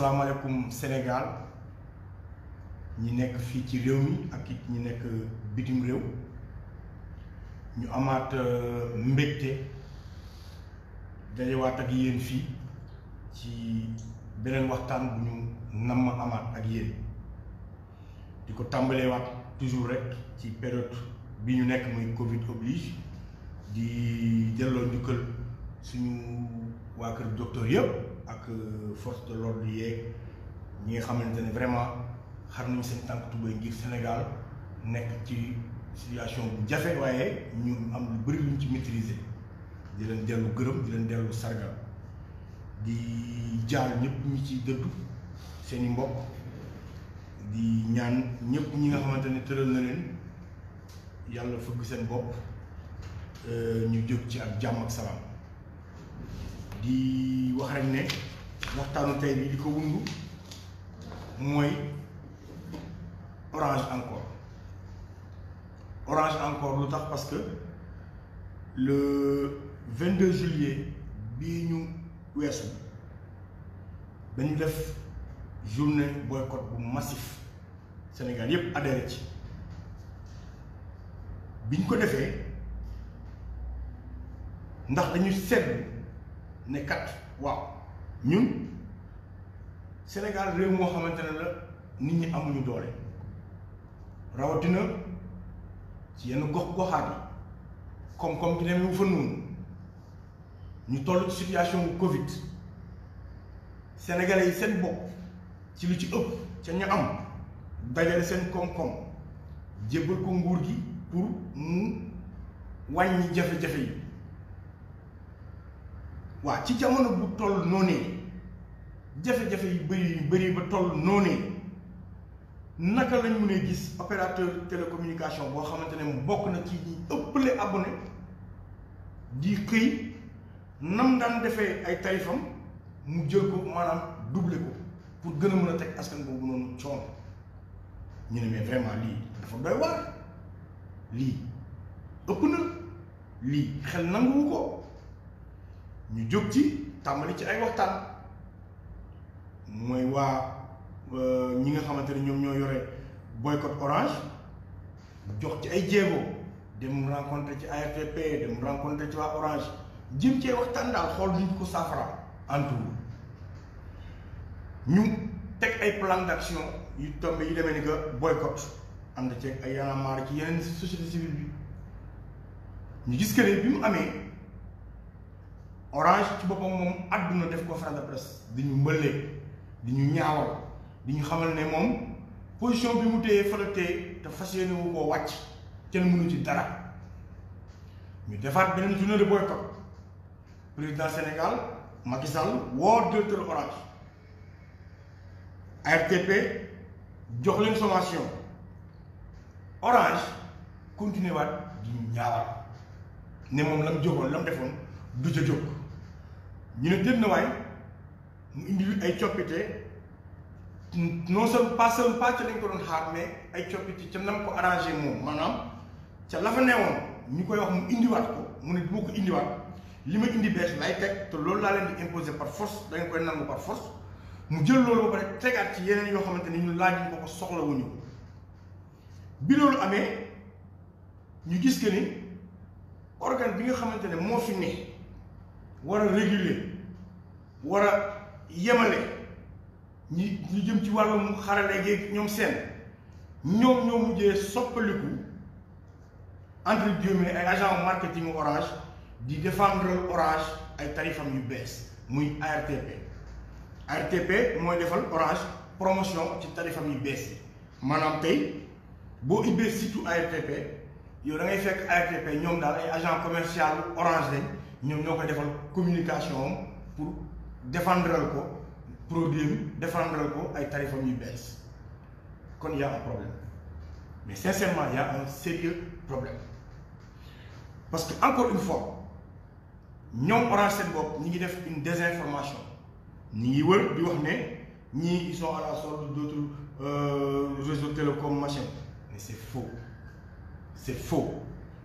asalaamaaleykum Sénégal ñi nekk fii ci réew mi ak it ñi nekk bitim réew ñu amaat euh, mbégte dajewaat ak yéen fii ci beneen waxtaan bu ñu namm amaat ak yéen di ko tàmbaleewaat toujours rek ci période bi ñu nekk muy Covid oblige di delloo njukkal suñu waa kër docteur yëpp. ak euh, force de l'ordre yeeg ñi nga xamante ne vraiment xar nañu seen tànk tubéy ngir Sénégal nekk ci situation bu jafe waaye ñu am lu bëri luñ ci maîtriser di leen dellu gërëm di leen dellu sargal di jaal ñëpp ñi ci dëddu seeni i mbokk di ñaan ñëpp ñi nga xamante ne tëral na leen yàlla fëgg seen bopp euh, ñu jóg ci ak jàmm ak salaam di wax rek ne waxtaanu tey bi li ko wundu mooy orange encore orange encore lu tax parce que le 22 juillet bii ñu weesu dañu def journée boycott bu massif Sénégal yépp adhéré ci biñ ko defee ndax dañu seetlu ne waaw ñun Sénégal réew moo xamante ne la nit ñi amuñu doole rawatina ci yenn gox goxaat yi koom-koom bi demee wu fa noonu ñu toll ci situation wu Covid sénégalais yi seen bokk ci lu ci ëpp ca ñu am dajale seen koom-koom jébbal ko nguur gi pour mu wàññi jafe-jafe yi. waa ci jamono bu toll noonee jafe-jafe yu bëri yu bëri ba toll noonee naka lañ mën a gis opérateur télécommunication boo xamante ne mu bokk na ci ñi ëppale abonné di xëy nam daan defee ay tarifam mu jël ko maanaam doublé ko pour gën a mën a teg askan boobu noonu coono ñu ne mais vraiment lii dafa doy waar lii ëpp na lii xel nanguwu ko. ñu jóg ci tàmbali ci ay waxtaan mooy waa euh, ñi nga xamante ne ñoom ñoo yore boykot orange jox ci ay jéego dem rencontré ci ARTP dem rencontré ci waa orange jëm cee waxtaan daal xool duñ ko saafara en tout ñu teg ay plan d'action yu tombe yu demee ni que boycott ànd ceeg ay yanamaar ci yeneen société civile bi ñu gis que ne bi mu amee. orange ci boppam moom àdduna def conférence de presse di ñu mbëllee di ñu ñaawal di ñu xamal ne moom position bi mu téye fa la te fas yéene wu koo wàcc kenn mënu ci dara ñu defaat beneen journée de boycott président Sénégal Macky Sall woo directeur orange ARTP jox leen sommation orange continuer di ñu ñaawal ne moom la mu jógoon la mu defoon du ca jóg ñu ne déet na waay mu indi ay coppite non seulement pas seulement pas ca lañ ko doon xaar mais ay coppite ca nam ko arrangé moom maanaam ca la fa newoon ñu koy wax mu indiwaat ko mu ne du ma ko indiwaat li ma indi bees lay teg te loolu laa leen di imposer par force da nga koy nangu par force mu jël loolu ba pare tegaat ci yeneen yoo xamante ni ñu laaj ko ko soxla wuñu bi loolu amee ñu gis que ni organe bi nga xamante ne moo fi ne. war a réguler a yemale ñi ñu jëm ci wàllum xarale gi ñoom seen ñoom ñoo mujjee soppaliku entre guillemets ay agent marketing orange di défendre orange ay tarifam yu bees muy ARTP ARTP mooy defal orange promotion ci tarifam yu bees yi maanaam tey boo ubbee surtout ARTP yow da ngay fekk ARTP ñoom daal ay agent commercial orange lañ ñoom ñoo ko defal communication pour défendral ko produit am défendral ko ay tarifam yu bees kon y a un problème mais sincèrement y a un sérieux problème parce que encore une fois ñoom Orange seen bopp ñi ngi def une désinformation ñi ngi wër di wax ne ñii ils sont à la solde d'autres euh, mais c'est faux c'est faux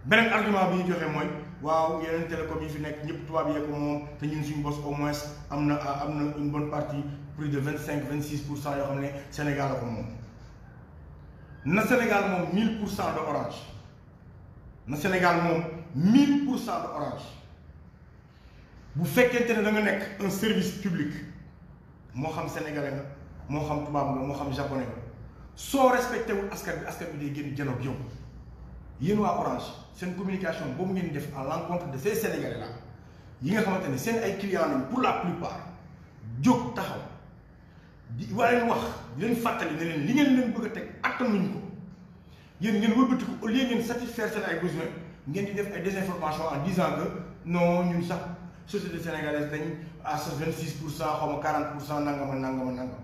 beneen argument bi ñu joxe mooy waaw yeneen télécom yi fi nekk ñëpp tubaab yee ko moom te ñun suñu bos au moins am na am na une bonne partie plus de vingt cinq vingt six pour cent yoo xam ne Sénégal la moom na Sénégal moom mille pour cent de orange na Sénégal moom mille pour cent de orange bu fekkente ne da nga nekk un service public moo xam sénégalais nga moo xam tubaab nga moo xam japonais nga soo respecté wul askan bi askan bi day génn jëloog yow yéen waa Orange seen communication boobu ngeen def en l'encontre de ces Sénégalais là yi nga xamante ne seen ay clients lañ pour la plupart jóg taxaw di waa leen wax di leen fàttali ne leen li ngeen leen bëgg a teg attanuñ ko yéen ngeen wëlbatiku au lieu ngeen satisfaire seen ay besoins ngeen di def ay désinformation en disant que non ñun sax société sénégalaise dañ à sa 26 pour cent xaw ma 40 pour cent nangama nangama nangama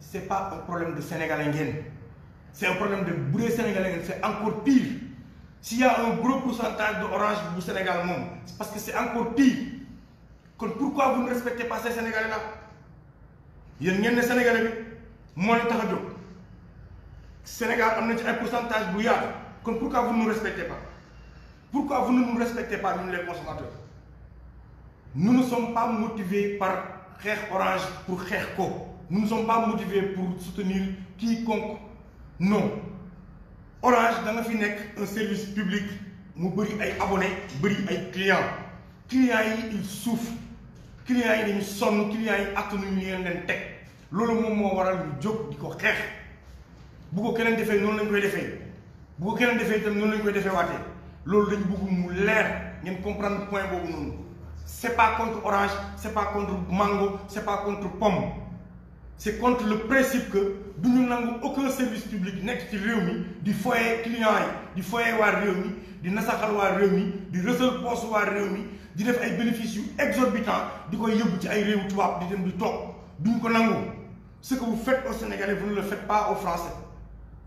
c'est pas un problème de sénégalais ngeen c'est un de bu dee sénégalais ngeen c'est encore s'il y a un gros pourcentage de orange bu Sénégal moom parce que c'est encore pire kon pourquoi vous ne respectez pas ces Sénégalais là yéen ngeen ne bi moo leen tax a jóg Sénégal am na ci ay pourcentage bu yaatu kon pourquoi vous ne nous respectez pas pourquoi vous ne nous respectez pas ñun les consommateurs nous ne sommes pas motivés par xeex orange pour xeex ko nous ne sommes pas motivés pour soutenir quiconque non orange dana fi nekk un service public mu bëri ay abonné bëri ay client clients yi ils souffrent clients yi dañu sonn clients yi attanuñu leen leen teg loolu moom moo waral ñu jóg di ko xeex bu ko keneen defee noonu lañ koy defee bu ko keneen defee itam noonu lañ koy defee waatee loolu dañ bëgg mu leer ngeen comprendre point boobu noonu c'est pas contre orange c'est pas contre mango c'est pas contre pomme c'est contre le principe que du ñu nangu aucun service public nekk ci réew mi di foye clients yi di foye waa réew mi di nasaxal waa réew mi di rësal poos waa réew mi di def ay bénéfices yu exorbitants di koy yóbbu ci ay réew tubaab di dem di toog du ñu ko nangu ce que vous faites aux Sénégalais vous ne le faites pas aux Français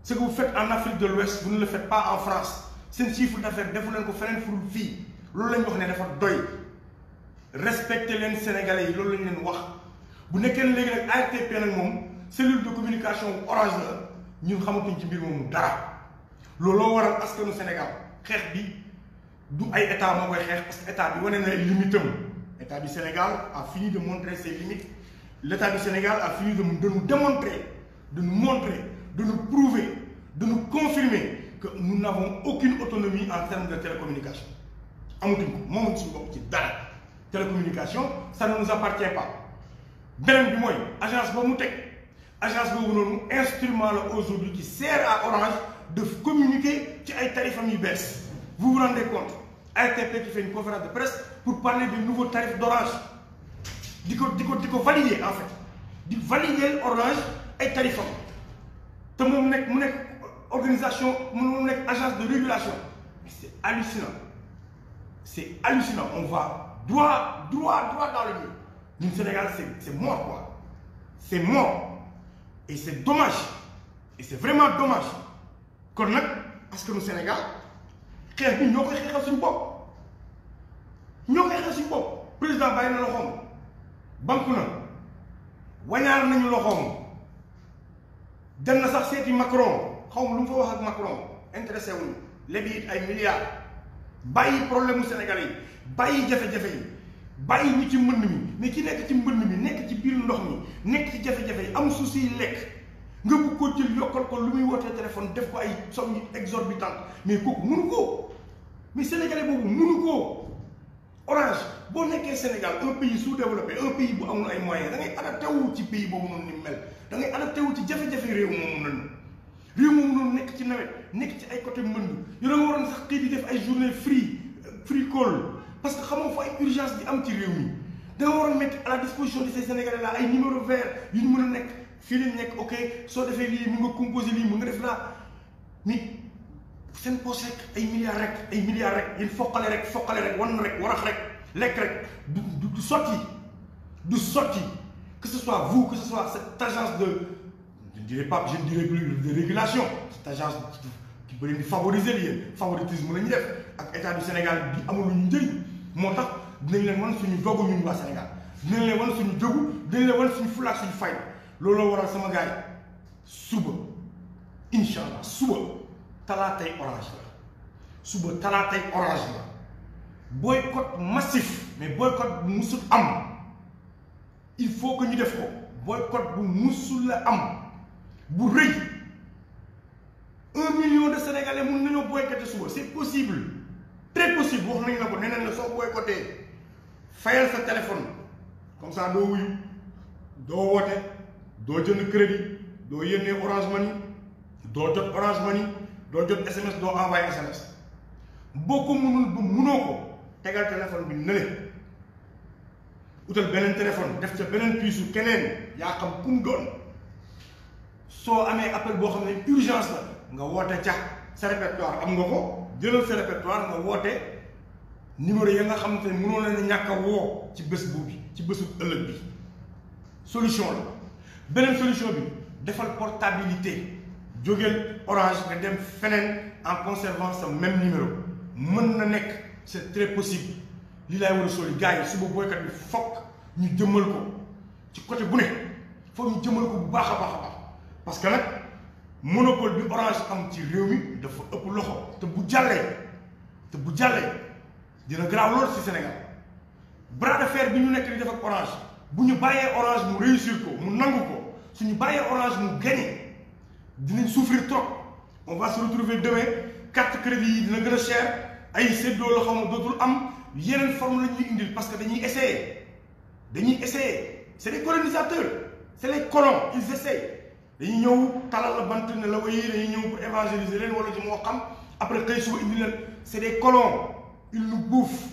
ce que vous faites en Afrique de l'Ouest vous ne le faites pas en France seen chiffre d'affaires defu leen ko feneen furul fii loolu lañ wax ne dafa doy respecter leen Sénégalais yi loolu lañ leen wax bu nekkee ne léegi nag ARTP nag moom cellule de communication orange la ñun xamatuñ ci mbir moomu dara war a askanu Sénégal xeex bi du ay état moo koy xeex parce que bi wane na limite am état du Sénégal a fini de montrer ses limites l' état Sénégal a fini de de nous démontrer de nous montrer de nous prouver de nous confirmer que nous n'avons aucune autonomie en termes de télécommunication amatuñ ko moomuñ suñu bopp ci dara télécommunication ça ne nous appartient pas. beneen bi mooy agence boobu mu teg agence boobu noonu instrument la aujourd'hui qui sert à Orange de communiquer ci ay tarifam yu bees vous vous rendez compte RTP qui fait une conférence de presse pour parler du nouveau tarif d'Orange di ko di ko di ko valider en fait di valider Orange ay tarifam te moom nekk mu nekk organisation mu nekk agence de régulation c'est hallucinant c'est hallucinant on va droit droit droit dans le mur Nous, Sénégal, c'est mort, quoi. C'est mort. Et c'est dommage. Et c'est vraiment dommage. Kon nag askanu Sénégal xeex bi ñoo koy xeexal suñu bopp ñoo koy xeexal suñu bopp président bàyyi na loxoom banku na wañaar nañu loxoom dem na sax seeti Macron xaw ma lu mu fa wax ak Macron intéressé wu léegi ay milliards bàyyi problème mu Sénégal yi bàyyi jafe-jafe yi. bàyyi ñu ci mbënn mi mais ci nekk ci mbënn mi nekk ci biir ndox mi nekk ci jafe-jafe yi am suuf siy lekk nga bugg ko jël yokkal ko lu muy wootee téléphone def ko ay somme yu exorbitante mais kooku mënu ko mais sénégalais boobu mënu ko orange boo nekkee Sénégal un pays sous-développé un pays bu amul ay moyen da ngay adapté wu ci pays boobu noonu ni mel da ngay adapté ci jafe-jafe réew moomu noonu réew moomu noonu nekk ci nawet nekk ci ay côté mbënd yu la nga waroon sax xëy di def ay journée free free call parce que xamoo fa ay urgence di am ci réew mi da nga waroon mettre à la disposition de ces sénégalais ay numéro vert yu ñu mun a nekk fii lañ nekk ok soo defee lii mun nga composé lii mu nga def laa nit seen poche ay milliards rek ay milliards rek yéen foqale rek foqale rek wan rek warax rek lekk rek du du sotti du sotti que ce soit vous que ce soit cette agence de je ne dirais pas je ne di favoriser la ñuy def état du lu ñu njëriñ. moo tax dinañ leen wan suñu dogu ñun waa Sénégal dinañ leen wan suñu jógu dinañ leen wan suñu fulaak suñu fayda looloo a sama gars yi suba incha allah suba talaatay orange la suba talaatay orange la boycott massif mais boycott bu musul am il faut que ñu def ko boycott bu musul la am bu rëy un million de sénégalais mun nañoo boycotter suba c'est possible très possible wax nañ la ko neneen la soo boycotté fayal sa téléphone comme ça doo wuyu doo woote doo jënd crédit doo yónnee Orange Money doo jot Orange Money doo jot SMS doo envoyé SMS boo ko mënul ba mënoo ko tegal téléphone bi nële utal beneen téléphone def ca beneen piisu keneen yaa xam ku doon soo amee appel boo xam ne urgence la nga woote ca sa répertoire am nga ko jëlal sa répertoire nga woote numéro ya nga xamante ne mënoon nañu ñàkk a woo ci bés boobu ci bésu ëllëg bi solution la beneen solution bi defal portabilité jógeel orange nga dem feneen en conservant sa même numéro mën na nekk c'est très possible li laay war a soli gars yi suba boykat bi fokk ñu jëmmal ko ci côté bu ne foog ñu jëmmal ko bu baax a baax a baax parce que nag monopole bi orange am ci réew mi dafa ëpp loxo te bu jàllee te bu jàllee dina garaaw lool ci Sénégal bras fer bi ñu nekk di def ak orange bu ñu bàyyee orange mu réussir ko mu nangu ko su ñu bàyyee orange mu gagné dinañ souffrir trop on va se retrouver demain carte crédit yi dina gën a cher ay séddoo la xaw ma am yeneen forme la ñuy indil parce que dañuy essayer dañuy essayer c'est les colonisateurs c'est les colons ils essayent dañuy ñëw talal la bant ne la way yi dañuy ñëw pour évangéliser leen wala ci moo xam après xëy suba indi leen c'est des colons ils nous bouffent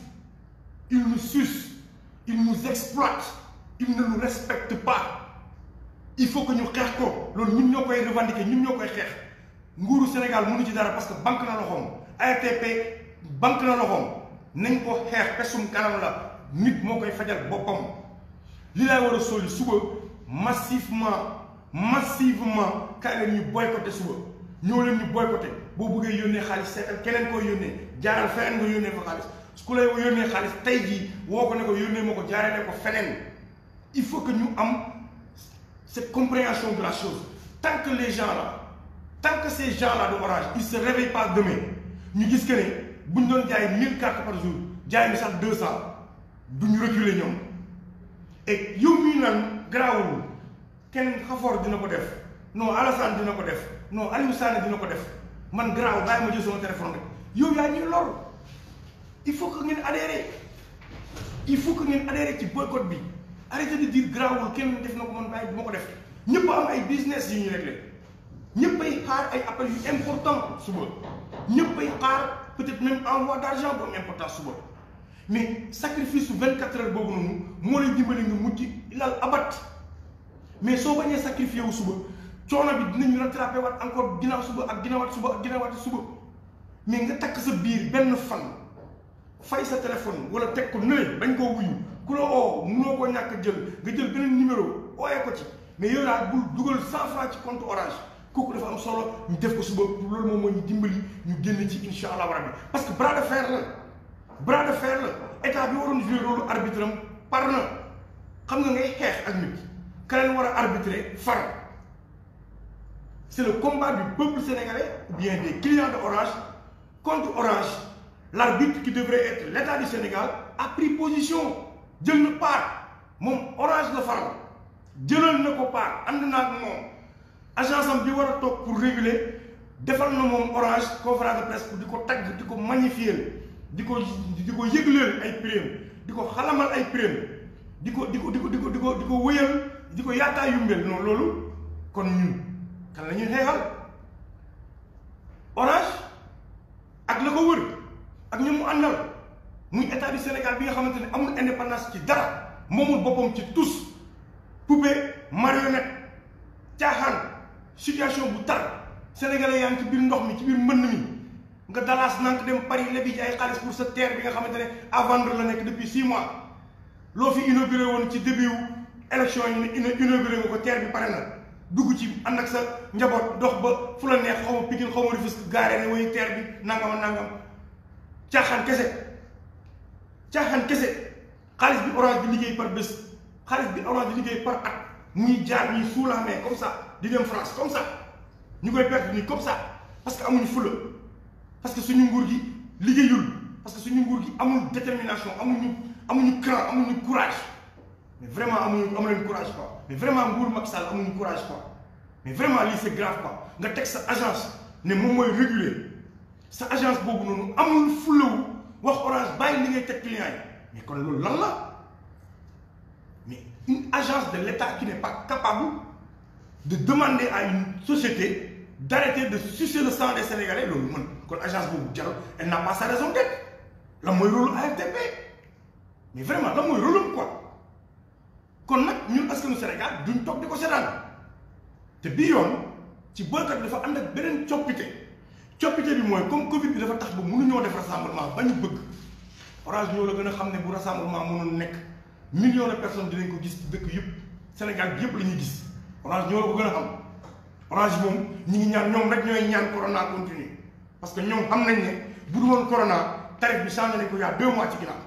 ils nous sucent ils nous exploitent ils ne nous il faut que ñu xeex ko loolu ñun ñoo koy revendiquer ñun ñoo koy xeex nguuru Sénégal mënu ci dara parce que banque na loxoom ARTP banque na loxoom nañ ko xeex pesum kanam la nit moo koy fajal boppam li laay war a soli suba massivement massivement kaay leen ñu boycotté suba ñoo leen ñu boycotté boo bëggee yónnee xaalis seetal keneen koy yónnee jaaral feneen nga yónnee ko xaalis ku lay yónnee xaalis tey jii woo ko ne ko yónnee ma ko jaarale ko feneen il faut que ñu am cette compréhension de la chose tant que les gens là tant que ces gens là de Orange ils se réveillent pas demain ñu gis que bu ñu doon jaay mille cartes par jour jaay mi sax deux cent du ñu reculer ñoom et yow mii naan kenn xafoor dina ko def non Alassane dina ko def non Aliou Sané dina ko def man garaaw bàyyi ma jël sama téléphone rek yow yaa ñuy il faut que ngeen adhéré il faut que ngeen adhéré ci boycott bi arrêté de dire garaawul kenn def na ko man bàyyi du ko def ñëpp am ay business yu ñu réglé ñëpp ay xaar ay appels yu important suba ñëpp ay xaar peut-être même envoi d'argent bu am important suba mais sacrifice su 24 heures boobu noonu moo lay dimbali nga mujj ilal abat mais soo bañee sacrifié wu suba coono bi dinañu rattrapé waat encore ginnaaw suba ak ginnaawaat suba ak ginnaawaati suba mais nga takk sa biir benn fan fay sa téléphone wala teg ko nële bañ koo wuyu ku la oo munoo koo ñàkk jël nga jël beneen numéro ooyee ko ci mais yooyu daal bul dugal cent franc ci compte orange kooku dafa am solo ñu def ko suba loolu moom moo ñu dimbali ñu génn ci insha allah rabbi parce que bras de la bras de état bi waroon jouer par na xam nga ngay xeex ak nit ka war a arbitrer faral c'est le combat du peuple sénégalais ou bien des clients de Orange contre Orange l'arbitre qui devrait être l'État du Sénégal a pris position jël na part moom Orange la faral jëlal na ko part ànd naa ak moom agence am bi war a toog pour réguler defal na moom Orange conférence de presse di ko tagg di ko magnifier di ko di ko yëgleel ay prime di ko xalamal ay prime di ko di ko di ko di ko di di ko yaataa yumbel noonu loolu kon ñun kan la ñuy xeexal orange ak la ko wër ak ñoom mu àndal muy état du Sénégal bi nga xamante ne amul indépendance ci dara moomul boppam ci tous poupée marionnette caaxaan situation bu tar sénégalais yaa ci biir ndox mi ci biir mbënn mi nga dalaas nank dem Paris lebi ci ay xaalis pour sa terre bi nga xamante ne à vendre la nekk depuis six mois loo fi inauguré woon ci début élection yi ne inauguré nga ko teer bi pare na dugg ci ànd ak sa njaboot dox ba fu la neex xaw ma Pikine xaw ma Rufisque gaare ne wayu teer bi nangam nangam caaxaan kese caaxaan kese xaalis bi orange bi liggéey par bés xaalis bi orange bi liggéey par at muy jaar ñuy suulamee comme ça di dem France comme ça ñu koy perte nii comme ça parce que amuñu fula parce que suñu nguur gi liggéeyul parce que suñu nguur gi amul détermination amuñu amuñu cran amuñu mais vraiment amuñu amu leen courage quoi mais vraiment nguur Macky Sall amuñu courage quoi mais vraiment lii c'est grave quoi nga teg sa agence ne moom mooy réguler sa agence boobu noonu amul fulawu wax orange bàyyi li ngay teg client yi mais kon loolu lan la mais une agence de l'État qui n'est pas capable de demander à une société d'arrêter de sucer le sang des Sénégalais loolu mën kon agence boobu jarul elle n'a pas sa raison d'être lan mooy rôle ARTP mais vraiment lan mooy rôle quoi. kon nag ñu askanu Sénégal duñ toog di ko seetaan te bii yoon ci boycott bi dafa ànd ak beneen coppite coppite bi mooy comme Covid bi dafa tax ba mu mënuñoo def rassemblement ba ñu bëgg Orange ñoo la gën a xam ne bu rassemblement mënoon nekk million de di dinañ ko gis dëkk yëpp Sénégal bi yëpp la ñuy gis Orange ñoo la ko gën a xam Orange moom ñi ngi ñaan ñoom rek ñooy ñaan corona continuer parce que ñoom xam nañ ne bu du woon corona tarif bi changé nañ ko y' a deux mois ci ginnaaw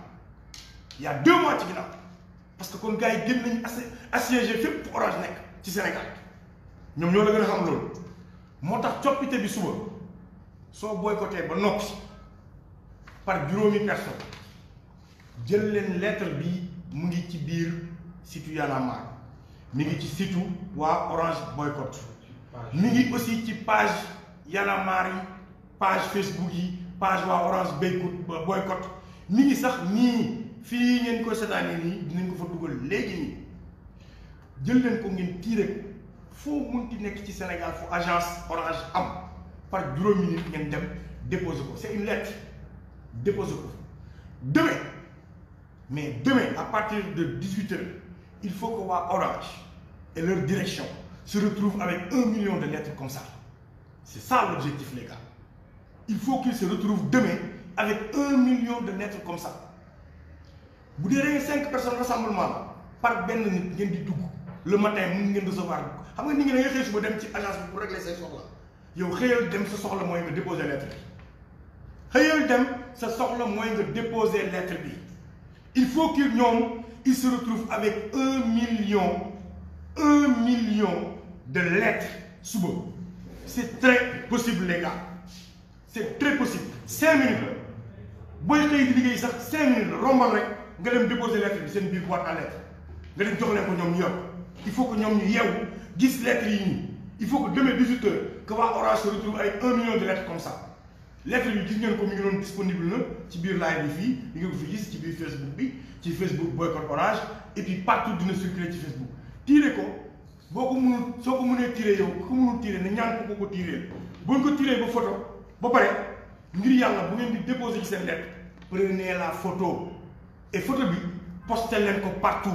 y' a parce que kon gars yi gën nañu assiégé fépp fu orange nekk ci Sénégal ñoom ñoo la gën xam loolu moo tax coppite bi suba soo boycotté ba noppi par juróomi personne jël leen lettre bi mu ngi ci biir situ Y'en a marre mi ngi ci situ waa orange boycott mi ngi aussi ci page Y'en a marre yi page Facebook yi page waa orange boycott mi ngi sax nii fii ngeen koy seetaanee nii dinañ ko fa dugal léegi nii jël leen ko ngeen tiire foo munti nekk ci Sénégal fu agence orange am par juróomi nit ngeen dem déposer ko c'est une lettre déposer ko demain mais demain à partir de dix-huit heures il faut que waa orange et leur direction se retrouvent avec un million de lettres comme ça c'est ça l'objectif les gars il faut qu'ils se retrouvent demain avec un million de lettres comme ça bu dee da nga cinq personnes rassemblement par benn nit ngeen di dugg le matin mu ngeen recevoir xam nga nit ñi da nga xëy suba ne ci agence soxla yow xëyal dem sa soxla mooy nga déposer lettre bi dem sa soxla mooy nga déposer lettre il faut que ñoom ils se retrouvent avec un million un million de lettres suba c'est très possible les c'est très possible cinq minutes la booy xëy di liggéey sax cinq minutes rombal rek nga dem déposer lettre bi seen biir boîte à lettre nga dem jox ko ñoom ñu yor il faut que ñoom yeewu gis lettres yi nii il faut que demain 18 heures que waa Orange se retrouve ay 1 million de lettres comme ça lettres yi gis ngeen ko mi ngi doon disponible na ci biir live yi fii mi ngi ko fi gis ci biir Facebook bi ci Facebook boycott Orange et puis partout dina circuler ci Facebook tiire ko boo ko mënul soo ko mënee tiire yow ko mënul tiire na ñaan ko ko ko tiiree bu ñu ba photo ba pare ngir bu ngeen di déposer ci seen lettre prenez la photo et photo bi posté leen ko partout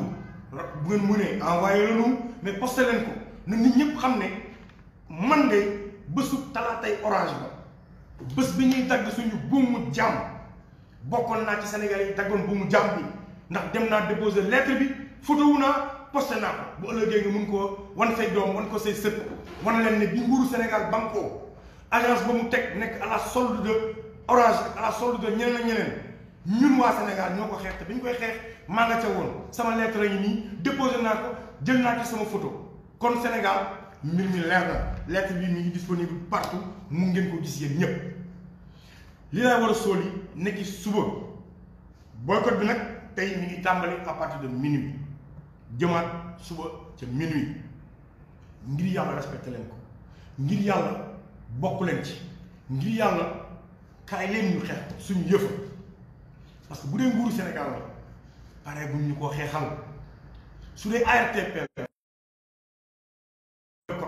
bu ngeen mënee envoyé lanu mais posté leen ko na nit ñëpp xam ne man de bésu talaatay orange ba bés bi ñuy dagg suñu buumu bokkoon naa ci Sénégal yi daggoon buumu jàmm ndax dem naa déposé lettre bi photo wu naa posté naa ko bu mun ko wan doom wan ko say sët leen ne bi nguuru Sénégal bankoo agence ba mu teg nekk à la de orange à la solde de ñeneen ñeneen ñun waa Sénégal ñoo ko xeex te bi ñu koy xeex maa nga ca woon sama lettre yi nii déposé naa ko jël naa ci sama photo kon Sénégal mbir mi leer na lettre bi mi ngi partout mu ngeen ko gis yéen ñépp li laa war a sóol yi nekki suba boycott bi nag tey mi ngi tàmbali à partir de minuit jëmaat suba ca minuit ngir yàlla respecté leen ko ngir yàlla bokk leen ci ngir yàlla kaay leen ñu xeex suñu yëfa parce que bu dee nguuru Sénégal la pare buñ ñu ko xeexal su dee ARTP la ko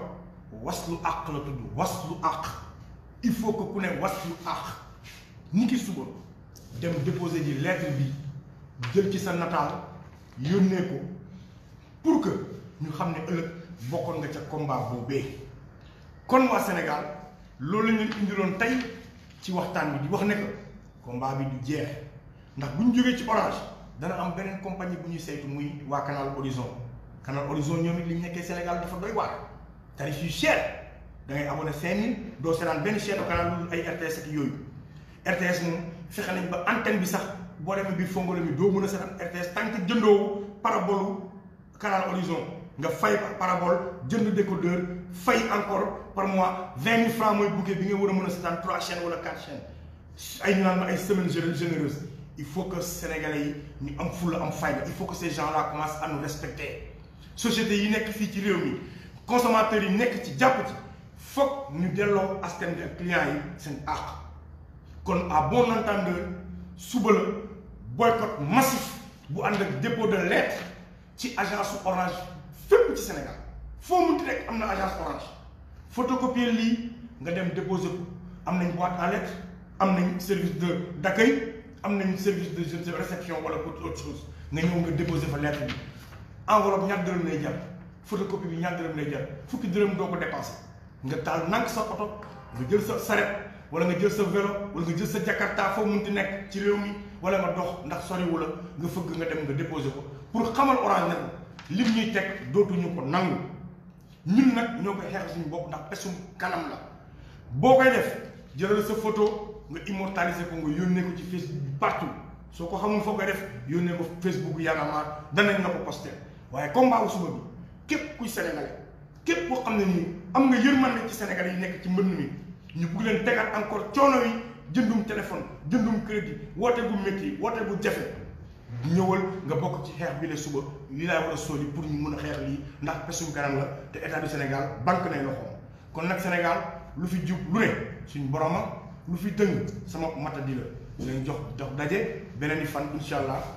waslu àq la tudd waslu àq il faut que ku ne was waslu àq ni ki suba dem déposer ji lettre bi jël ci sa nataal yónnee ko pour que ñu xam ne ëllëg bokkoon nga ca combat boobee kon waa Sénégal loolu la ñu indiloon tey ci waxtaan bi di wax ne que bi du jeex ndax bu ñu jógee ci orange dana am beneen compagnie bu ñuy saytu muy waa canal horizon canal horizon ñoom it li ñu nekkee Sénégal dafa doy waar tarif yu cher da ngay abonné 5000 doo seetaan benn chaîne canal ay RTS ak yooyu RTS moom fexe nañ ba antenne bi sax boo demee biir Fongole mi doo mën a seetaan RTS tant que jëndoo parabolu canal horizon nga fay parabole jënd décodeur fay encore par mois 20 000 francs mooy bouquet bi nga war a mën a seetaan 3 chaînes wala 4 chaînes naan ay semaines généreuses il faut que sénégalais yi ñu am fulla am fayda il faut que ces gens-là commencent à nous respecter société yi nekk fii ci réew mi consommateurs yi nekk ci jàpp ci foog ñu delloo askan bi ak yi seen àq kon à bon entendeur suba la boycott massif bu ànd ak dépôt de lettre ci agence orange fépp ci Sénégal foo munti rek am na agence orange photocopier lii nga dem déposer ko am nañ boîte à lettres am nañ service de d'accueil am nañu service de jeune réception wala autre chose nga ñëw nga déposer fa lettre bi enveloppe ñaar dërëm lay jar photocopie bi ñaar dërëm lay jar fukki dërëm doo ko dépensé nga taal nànk sa oto nga jël sa saret wala nga jël sa vélo wala nga jël sa jakarta foo mun di nekk ci réew mi wala nga dox ndax soriwu la nga fëgg nga dem nga déposer ko pour xamal orange li lim ñuy teg dootuñu ko nangu ñun nag ñoo koy xeex suñu bopp ndax pesum kanam la boo koy def jëlal sa photo nga immortaliser ko nga yónnee ko ci Facebook bi partout soo ko xamul foo ko def yónnee ko Facebook Y'en a marre danañ na ko posté waaye combat wu suba bi képp kuy sénégalais képp koo xam ne nii am nga yërmande ci sénégalais yi nekk ci mbënn mi ñu bugg leen tegaat encore coono yi jëndum téléphone jëndum crédit woote bu métti woote bu jafe ñëwal nga bokk ci xeex bi la suba li laa war a sóoli pour ñu mun a xeex lii ndax pesum kanam la te état du Sénégal banque nay loxoom kon nag Sénégal lu fi jub lu ne lu fi dëng sama matadi la leen jox jox daje beneen i fan incha allah.